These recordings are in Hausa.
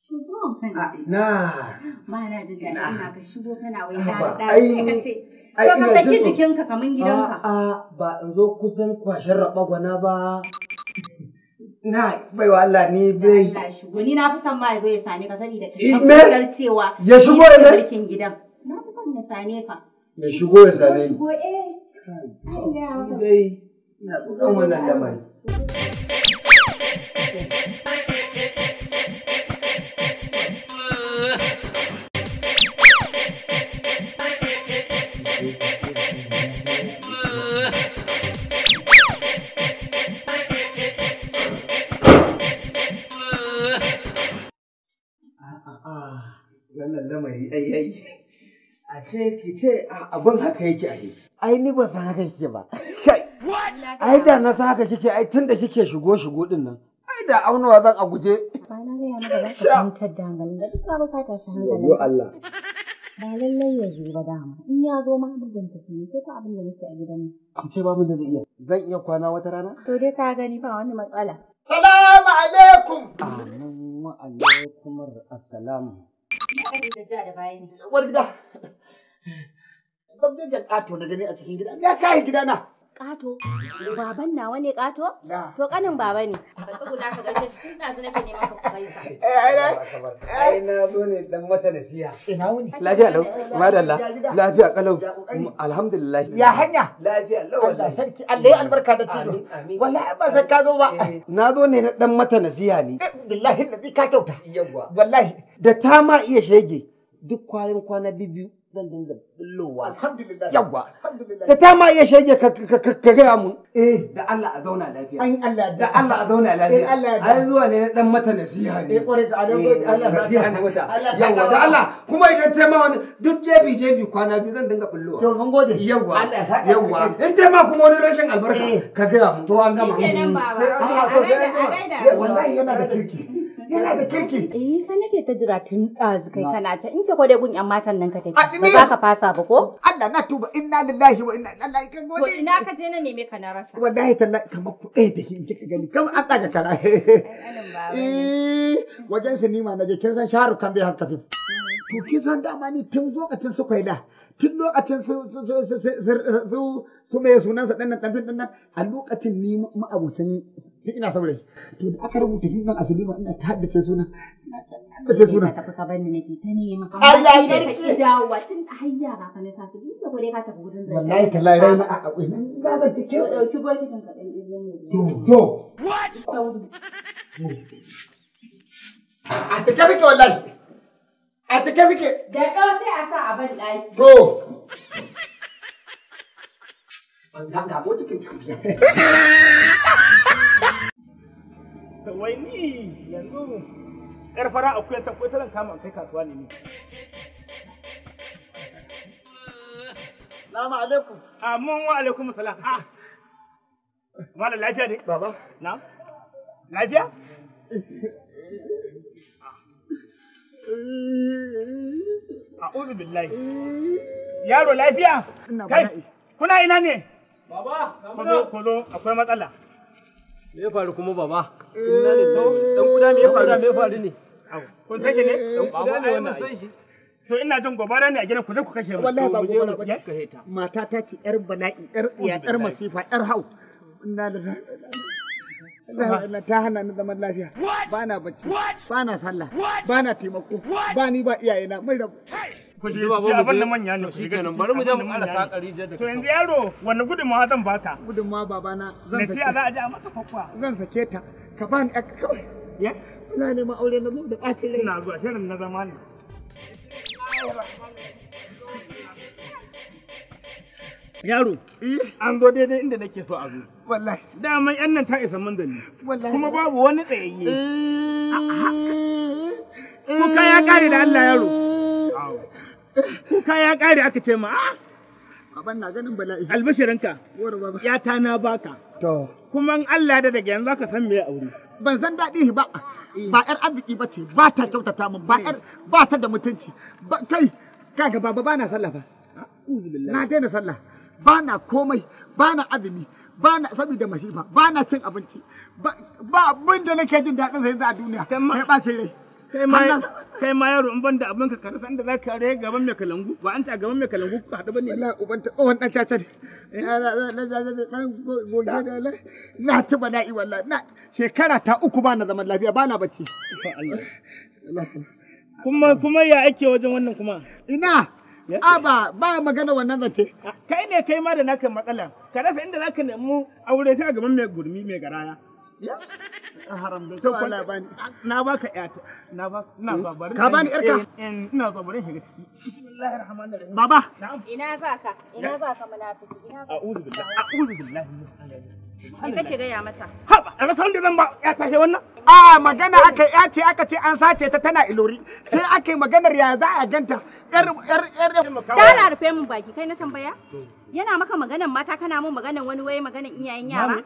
Shigo kana. Ah, na. Ba na jin daɗi ina ka shigo kana wai da sai ka ce. Ko ka saki jikinka kaman gidanka. A'a ba in zo kusan kwashen raba gwana ba. na baiwa Allah ni bai Allah shigo ni na fi son ma yazo ya same ka saboda eh, tabbatar cewa ya shigo ne barkin gidan na fi son ya same ka ya shigo ya same ni shigo eh dai ina tsoron wannan lamari wannan lamari ai ai a ce ki ce abin haka yake a ai ni ba san haka kike ba ai da na san haka kike ai tunda kike shigo shigo din nan ai da aunawa zan a guje ba na ga yana da za ka fahimtar da hankalin da duk ba ka tashi hankalin yo Allah ba lallai ya zo ba dama in ya zo ma ta ce sai ka abin da nake a gidan ki ce ba mun da iya zan iya kwana wata rana to dai ka gani ba wani matsala salamu alaikum amin wa alaikum assalam Uwar gida, babban jan ƙato na gani a cikin gida, me ya kayi na Ƙato? Baban nawa ne ƙato? To kanin baba ne. ka gaishe shi tun nake ka Eh ai na ai na zo ne dan mata nasiha. Ina wuni? Lafiya lau. Madalla. Lafiya kalau. Mm, alhamdulillah. Ya hanya. Lafiya lau. Allah sarki Allah ya albarka da tilo. Wallahi ba san zo ba. Eh. Na zo ne dan mata nasiha ne. Eh, billahi ka kyauta. Yawwa. Wallahi. Da ta ma iya shege duk kwanan kwana biyu zan dinga bullowa yawwa ta ma iya shege ka gaya mu eh da Allah a zauna lafiya an Allah da Allah a zauna lafiya ai zuwa ne na dan mata nasiha ne eh kware da Allah mm, nasiha ne mata yawwa da Allah kuma idan ta ma wani duk jebi jebi kwana biyu zan dinga bullowa to mun gode yawwa yawwa in ta ma kuma wani rashin albarka eh. ka gaya mu to an gama sai an to sai wallahi yana da kirki yana da kirki. Eh ka nake ta jira tun ɗazu kai kana ta in ce ko dai gun ƴan matan nan ka take ba za ka fasa ba ko? Allah na tuba inna lillahi wa inna ilaihi kan gode. To ina ka je na neme ka na rasa. Wallahi tallahi kamar ku ɗaya da in kika gani kamar an ɗaga kara. Eh wajen sinima na je kin san sharu kan bai harka fim. To kin san dama ni tun lokacin su kwaila tun lokacin su su su su su me sunansa ɗan nan nan a lokacin ni ma'abotan ni ina saurayi to da aka rubuta yin nan asalima ina ta haddace suna haddace suna ka tafi bani nake ta ne maka Allah ya tun hayya ba ka na sa tafi zai wallahi tallahi a akwai nan ba da dauki ka to what sauri a cike kike wallahi a cike kike da sai a sa a ban da wai ni yanzu yar fara akwai ta ko talan kama kai kasuwa ne ni Salamu alaikum. Amin wa alaikum salam. Ah. Mala lafiya ne? Baba. Na? Lafiya? a A'udhu billahi. Yaro lafiya? Kai, kuna ina ne? Baba, ko zo akwai matsala. Me ya faru kuma baba? Eh. Inna ne to dan kuda me ya faru? Me ya faru ne? Kun sake ne? Eh, dan kuda ne wannan san shi. To ina jin gobara ne a gidan ku zai ku kashe mu. Wallahi ba gobara ba ce. Mata ta ce yar bala'i, yar iya, yar masifa, yar hau. Ina da ta hana ni zaman lafiya. Ba na bacci, ba na sallah, ba na taimako, ba ni ba iyayena, mai rabu. ku je ciki abin na manya ne shi kenan bari mu je mu ƙara saka rijiyar da to yanzu yaro wanne gudunmawa zan baka gudunmawa babana zan sake za a je a zan sake ta ka ba ni kawai ya ina aure na mu da ɓacin rai ina zuwa shirin na zama ne Yaro, eh. an zo daidai inda nake so a zo. Wallahi. Daman yan nan ta isa manzanni. Wallahi. Kuma babu wani tsayayye. Eh. Kuka ya kare da Allah yaro. kuka ya kare aka ce ma ah! Baban na ganin bala'i. Albashirinka. Ya ta na baka. To. Kuma Allah da daga yanzu ka san me aure. Ban san daɗi ba. Ba ƴar arziki ba ce, ba ta kyautata min, ba yar ba ta da mutunci. Kai, kaga baba ba na sallah ba. Na daina sallah. Ba na komai, ba na azumi, ba na saboda masifa, ba na cin abinci. Ba abin da nake jin daɗin sai a duniya. Kai ma. Kai rai. Kai ma. kai ma yaro in ban da abin ka karasa inda za ka rage gaban mai kalangu ba an ta a gaban mai kalangu k'a hada bane ne wallahi uban ta tsohon dan caca ne na jaje da dan goge da la na ci bala'i wallahi na shekara ta uku ba na zaman lafiya ba na bacci kuma kuma ya ake wajen wannan kuma ina Aba ah, ba magana wannan zace. Kai ne kai ma da naka matsala. Ka rasa inda zaka nemi aure ta gaban mai gurmi mai garaya. To Na baka Na ba ina hmm? Ka bani eh, eh, Ina shiga ciki. Baba. Na'am. Ina Ina munafiki? Ina A'udhu billahi. A'udhu billahi. kake masa? Haba, a zan ba ya tashe wannan? A magana aka ya ce aka ce an sace ta tana ilori. Sai ake maganar ya za a ganta. Yar yar yar yar. rufe min baki kai na tambaya. Yana maka maganar mata kana mun maganar wani waye maganar iyayen yara.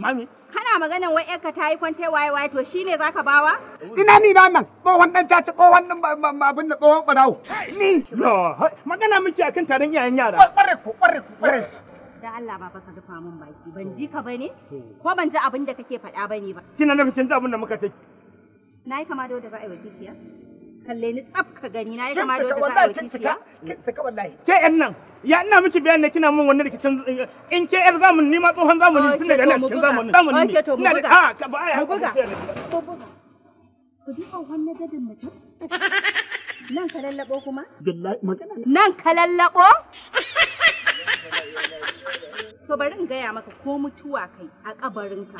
Mami. Kana maganan wai ƴarka ta yi kwante waye waye to shine zaka bawa? Ina ni na nan tsohon dan caca ko wannan abin da tsohon barawo. Ni. Magana miki akan taron iyayen yara. Kware ku kware ku kware. Da Allah ba ka rufa min baki ban ji ka bane ko ban ji abin da kake faɗa bane ba. Kina nufin kin ji abin da muka ce. Na yi kama da wanda za a yi wa kishiya. Kalle ni tsaf ka gani na yi kama da wanda za a yi wa kishiya. Kin saka wallahi. Ke ƴan nan ya ina miki bayani kina mun wannan rikicin eh, in ke yar zamani ni ma tsohon zamani tun daga ina cikin zamanin zamani ne ina da a ka ah, ba ai buga ku ji tsohon na jadin mutum nan ka lallabo kuma billahi magana nan ka lallabo to bari in gaya maka ko mutuwa kai a kabarin ka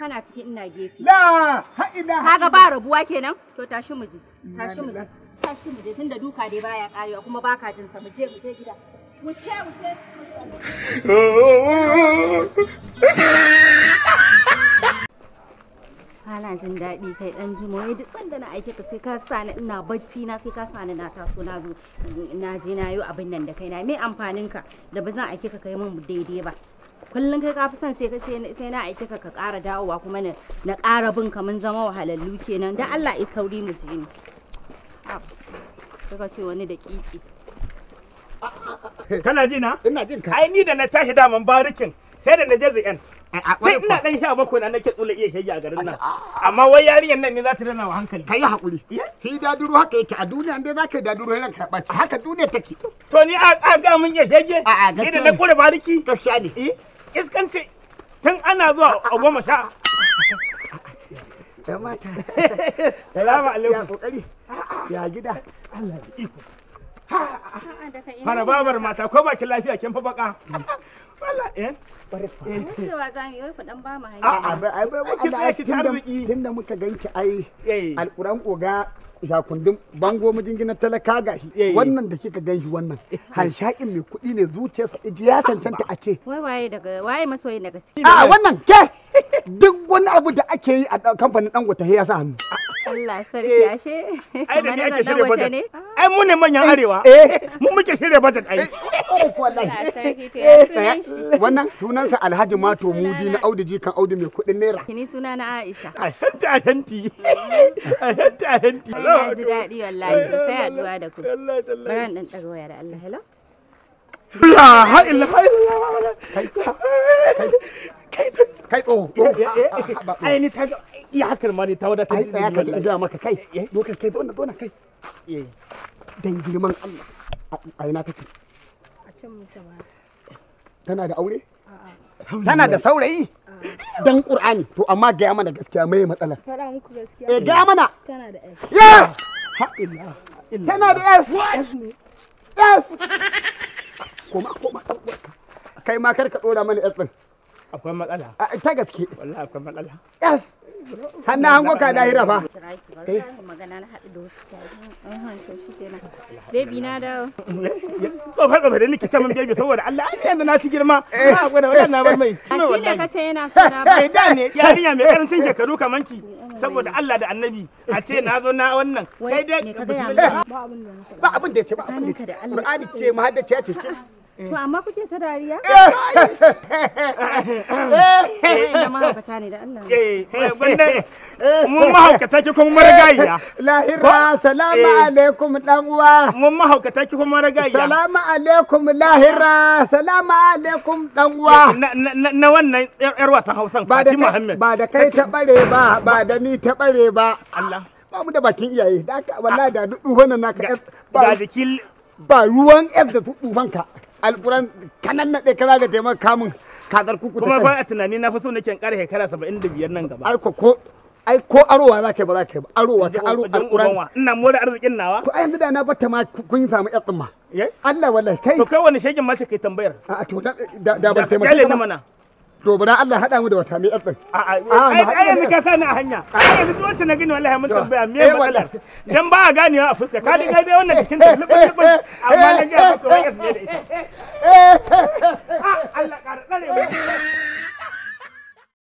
kana cikin ina gefe la ha ila kaga ba rabuwa kenan to tashi mu ji tashi mu ji tashi mu je tunda duka dai baya karewa kuma baka jin sa mu je mu je daɗi kai ɗan juma wai duk sanda na aike ka sai ka sa na ina bacci na sai ka sa na na taso na zo na je na yi abin nan da kai na me amfanin ka da ba zan aike ka kai mun daidai ba. kullum kai kafi son sai sai na aike ka ka ƙara dawowa kuma na ƙara bin ka mun zama wahalallu kenan dan Allah ya sauri mu ji ni. suka ce wani da kiki kana ji na ina jin ka ai ni da na tashi daman barikin sai da na je zayan kai ina dan sha bakwai na nake tsula iya shayi a garin nan amma wai yarinyar nan ne za ta rana wa hankali kai hakuri shi daduro haka yake a duniya dai za ka daduro yana karɓa ci haka duniya take to ni a ga mun iya shege ni da na kore bariki gaskiya ne eh? iskanci tun ana zuwa a goma sha ya mata salamu alaikum ya gida Allah ya iko fara babar mata ko ba ki lafiya kin fa baka wala eh bari fa eh, eh. cewa za mu yi ku dan ba mu hanya a ba ai ba Allah ya tunda muka ganki ai eh. alquran koga jakundin bango mijinginar talaka gashi wannan da kika ganshi wannan hanshakin mai kuɗi ne zuciyarsa ya cancanta a ce wai waye daga waye masoyi daga ciki a wannan ke duk wani abu da ake yi a kamfanin dangote ya sa hannu Allah sarki ashe ai da ake shirya budget mu ne Mudi na Audu jikan Audu mai kuɗin naira kini suna na Aisha Allah ji wallahi iya hakan ma ne ta maka kai eh, eh. kai kai eh. dan girman Allah a ina kake a can muke ba tana da aure tana da saurayi dan qur'ani to amma ga mana gaskiya mai matsala fara muku gaskiya eh ga mana tana da ya ha illa tana da S, S. koma koma kai ma kar ka dora mana yes din akwai matsala ta gaske wallahi akwai matsala yes na hango ka fa magana na haɗu da wasu baby na dawo da nake baby saboda Allah yanzu na girma eh. wannan na bar mai a shi da kace yana da ne yarinya mai karancin shekaru ki saboda Allah da Annabi a ce na zo na wannan kai dai ba abin da ya ce ba abin da ya ce Qur'ani ce ce To amma kuke ta dariya? Eh, eh mahaukata ne da Allah. Eh, eh, mun mahaukata ki kuma maragayya. Lahira, salamu alaikum dan uwa. Mun mahaukata ki kuma maragayya. Salamu alaikum lahira, salamu alaikum dan uwa. Na wannan ƴar wasan Hausan Fatima Muhammad. Ba da kai ta bare ba, ba da ni ta bare ba. Allah. Ba mu da bakin iyaye, da wallahi da duk wannan naka ba. Ga jikin ba ruwan yadda tuɓufanka. alƙuran kanan na ɗaya kaza ga taimaka kamun kadar kuku kuma ba a tunani na fi so nake ƙara shekara saba'in da biyar nan gaba ai ko ko ai ko arowa za ka yi ba za ka yi ba arowa ka aro alƙuran ina more arzikin nawa ko yanzu da na batta ma kun yi samu yatsin ma eh? Allah wallahi kai to kai wani shegin ma ce kai tambayar a to da ban taimaka mana to bari Allah haɗa mu da wata mai ɗan a a yanzu ka sani a hanya a yanzu duk wacce na gani wallahi mun tambaya me ya matsalar dan ba a ganewa a fuska ka dinga dai wannan cikin ta lubun lubun amma na ga ka ka fiye da ita eh Allah ƙara tsare mu